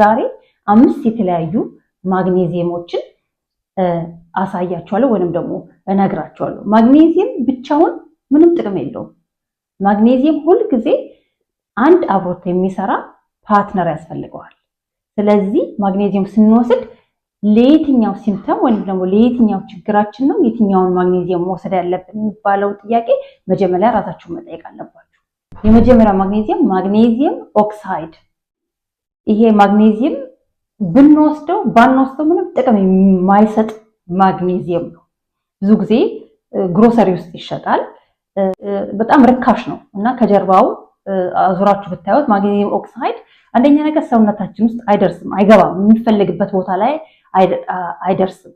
ዛሬ አምስት የተለያዩ ማግኔዚየሞችን አሳያቸዋለሁ ወይንም ደግሞ እነግራቸዋለሁ። ማግኔዚየም ብቻውን ምንም ጥቅም የለውም። ማግኔዚየም ሁልጊዜ አንድ አብሮት የሚሰራ ፓርትነር ያስፈልገዋል። ስለዚህ ማግኔዚየም ስንወስድ ለየትኛው ሲምተም ወይም ደግሞ ለየትኛው ችግራችን ነው የትኛውን ማግኔዚየም መውሰድ ያለብን የሚባለው ጥያቄ መጀመሪያ ራሳችሁን መጠየቅ አለባችሁ። የመጀመሪያው ማግኔዚየም ማግኔዚየም ኦክሳይድ ይሄ ማግኔዚየም ብንወስደው ባንወስደው ምንም ጥቅም የማይሰጥ ማግኔዚየም ነው። ብዙ ጊዜ ግሮሰሪ ውስጥ ይሸጣል። በጣም ርካሽ ነው እና ከጀርባው አዙራችሁ ብታዩት ማግኔዚየም ኦክሳይድ አንደኛ ነገር ሰውነታችን ውስጥ አይደርስም፣ አይገባም፣ የሚፈልግበት ቦታ ላይ አይደርስም።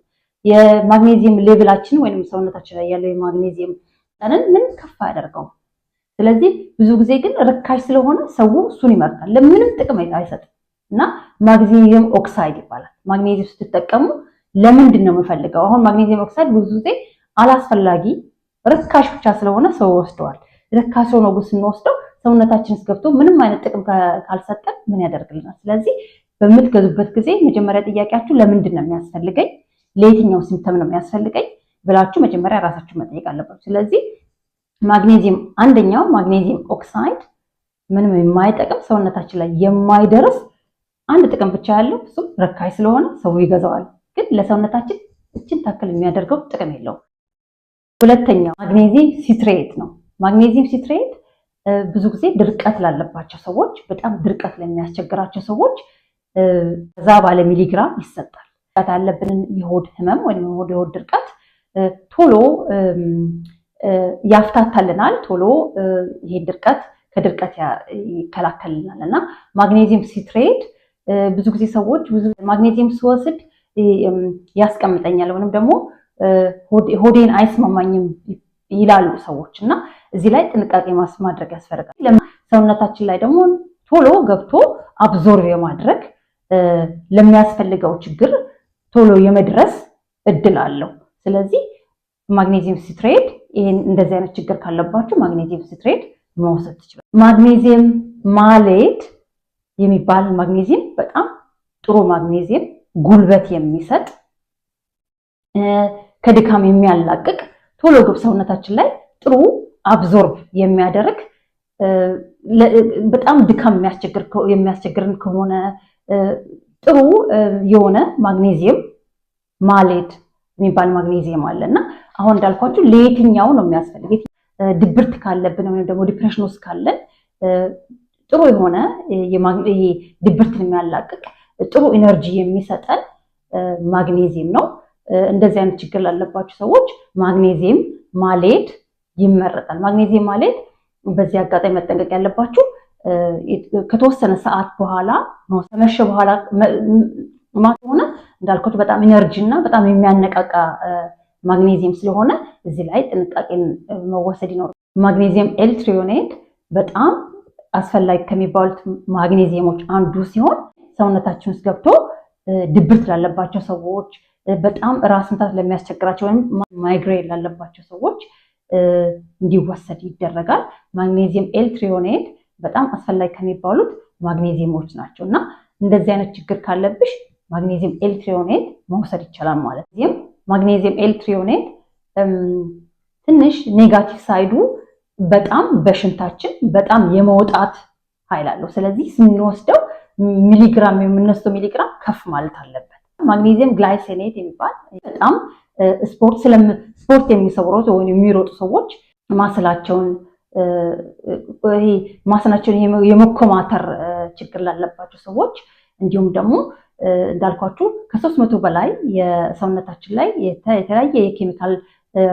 የማግኔዚየም ሌቭላችን ወይም ሰውነታችን ላይ ያለው የማግኔዚየም መጠንን ምን ከፍ አያደርገውም። ስለዚህ ብዙ ጊዜ ግን ርካሽ ስለሆነ ሰው እሱን ይመርጣል። ለምንም ጥቅም አይሰጥም። እና ማግኔዚየም ኦክሳይድ ይባላል። ማግኔዚየም ስትጠቀሙ ለምንድን ነው የምፈልገው? አሁን ማግኔዚየም ኦክሳይድ ብዙ ጊዜ አላስፈላጊ ርካሽ ብቻ ስለሆነ ሰው ወስደዋል። ርካሽ ሆኖ ግን ስንወስደው ሰውነታችን ውስጥ ገብቶ ምንም አይነት ጥቅም ካልሰጠን ምን ያደርግልናል? ስለዚህ በምትገዙበት ጊዜ መጀመሪያ ጥያቄያችሁ ለምንድን ነው የሚያስፈልገኝ፣ ለየትኛው ሲምተም ነው የሚያስፈልገኝ ብላችሁ መጀመሪያ ራሳችሁ መጠየቅ አለባችሁ። ስለዚህ ማግኔዚየም አንደኛው ማግኔዚየም ኦክሳይድ ምንም የማይጠቅም ሰውነታችን ላይ የማይደርስ አንድ ጥቅም ብቻ ያለው እሱም ረካሽ ስለሆነ ሰው ይገዛዋል። ግን ለሰውነታችን እችን ታክል የሚያደርገው ጥቅም የለውም። ሁለተኛው ማግኔዚየም ሲትሬት ነው። ማግኔዚየም ሲትሬት ብዙ ጊዜ ድርቀት ላለባቸው ሰዎች፣ በጣም ድርቀት ለሚያስቸግራቸው ሰዎች ከዛ ባለ ሚሊግራም ይሰጣል። ድርቀት ያለብንን የሆድ ህመም ወይም የሆድ ድርቀት ቶሎ ያፍታታልናል፣ ቶሎ ይሄን ድርቀት ከድርቀት ይከላከልናል እና ማግኔዚየም ሲትሬት ብዙ ጊዜ ሰዎች ብዙ ማግኔዚየም ስወስድ ያስቀምጠኛል ወይም ደግሞ ሆዴን አይስማማኝም ይላሉ ሰዎች እና እዚህ ላይ ጥንቃቄ ማድረግ ያስፈልጋል። ሰውነታችን ላይ ደግሞ ቶሎ ገብቶ አብዞርቭ የማድረግ ለሚያስፈልገው ችግር ቶሎ የመድረስ እድል አለው። ስለዚህ ማግኔዚየም ሲትሬት ይህን እንደዚህ አይነት ችግር ካለባችሁ ማግኔዚየም ሲትሬት መውሰድ ትችላል። ማግኔዚየም ማሌት የሚባል ማግኔዚየም በጣም ጥሩ ማግኔዚየም ጉልበት የሚሰጥ ከድካም የሚያላቅቅ ቶሎ ግብ ሰውነታችን ላይ ጥሩ አብዞርብ የሚያደርግ በጣም ድካም የሚያስቸግርን ከሆነ ጥሩ የሆነ ማግኔዚየም ማሌድ የሚባል ማግኔዚየም አለ እና አሁን እንዳልኳችሁ ለየትኛው ነው የሚያስፈልግ? ድብርት ካለብን ወይም ደግሞ ዲፕሬሽን ውስጥ ካለን ጥሩ የሆነ ይሄ ድብርትን የሚያላቅቅ ጥሩ ኢነርጂ የሚሰጠን ማግኔዚየም ነው። እንደዚህ አይነት ችግር ላለባቸው ሰዎች ማግኔዚየም ማሌድ ይመረጣል። ማግኔዚየም ማሌድ በዚህ አጋጣሚ መጠንቀቅ ያለባችሁ ከተወሰነ ሰዓት በኋላ ከመሸ በኋላ ማታ ሆነ በጣም ኢነርጂ እና በጣም የሚያነቃቃ ማግኔዚየም ስለሆነ እዚህ ላይ ጥንቃቄን መወሰድ ይኖር። ማግኔዚየም ኤልትሪዮኔት በጣም አስፈላጊ ከሚባሉት ማግኔዚየሞች አንዱ ሲሆን ሰውነታችን ውስጥ ገብቶ ድብርት ላለባቸው ሰዎች፣ በጣም ራስ ምታት ለሚያስቸግራቸው ወይም ማይግሬን ላለባቸው ሰዎች እንዲወሰድ ይደረጋል። ማግኔዚየም ኤል በጣም አስፈላጊ ከሚባሉት ማግኔዚየሞች ናቸው እና እንደዚህ አይነት ችግር ካለብሽ ማግኔዚየም ኤል መውሰድ ይቻላል ማለት ነው። ማግኔዚየም ኤል ትንሽ ኔጋቲቭ ሳይዱ በጣም በሽንታችን በጣም የመውጣት ኃይል አለው። ስለዚህ ስንወስደው ሚሊግራም የምንወስደው ሚሊግራም ከፍ ማለት አለበት። ማግኔዚየም ግላይሴኔት የሚባል በጣም ስፖርት ስፖርት የሚሰውሩት ወይም የሚሮጡ ሰዎች ማስላቸውን ይሄ ማስናቸውን የመኮማተር ችግር ላለባቸው ሰዎች እንዲሁም ደግሞ እንዳልኳችሁ ከሶስት መቶ በላይ የሰውነታችን ላይ የተለያየ የኬሚካል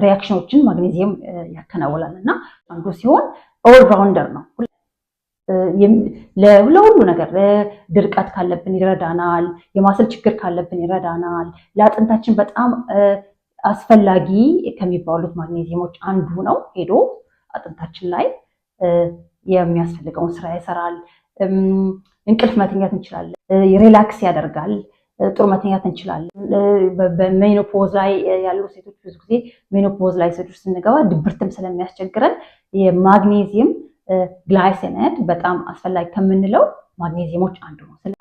ሪያክሽኖችን ማግኔዚየም ያከናውላል እና አንዱ ሲሆን ኦልራውንደር ነው። ለሁሉ ነገር ድርቀት ካለብን ይረዳናል። የማሰል ችግር ካለብን ይረዳናል። ለአጥንታችን በጣም አስፈላጊ ከሚባሉት ማግኔዚየሞች አንዱ ነው። ሄዶ አጥንታችን ላይ የሚያስፈልገውን ስራ ይሰራል። እንቅልፍ መተኛት እንችላለን። ሪላክስ ያደርጋል። ጥሩ መተኛት እንችላለን። በሜኖፖዝ ላይ ያሉ ሴቶች ብዙ ጊዜ ሜኖፖዝ ላይ ሴቶች ስንገባ ድብርትም ስለሚያስቸግረን የማግኔዚየም ግላይሴናይድ በጣም አስፈላጊ ከምንለው ማግኔዚየሞች አንዱ ነው።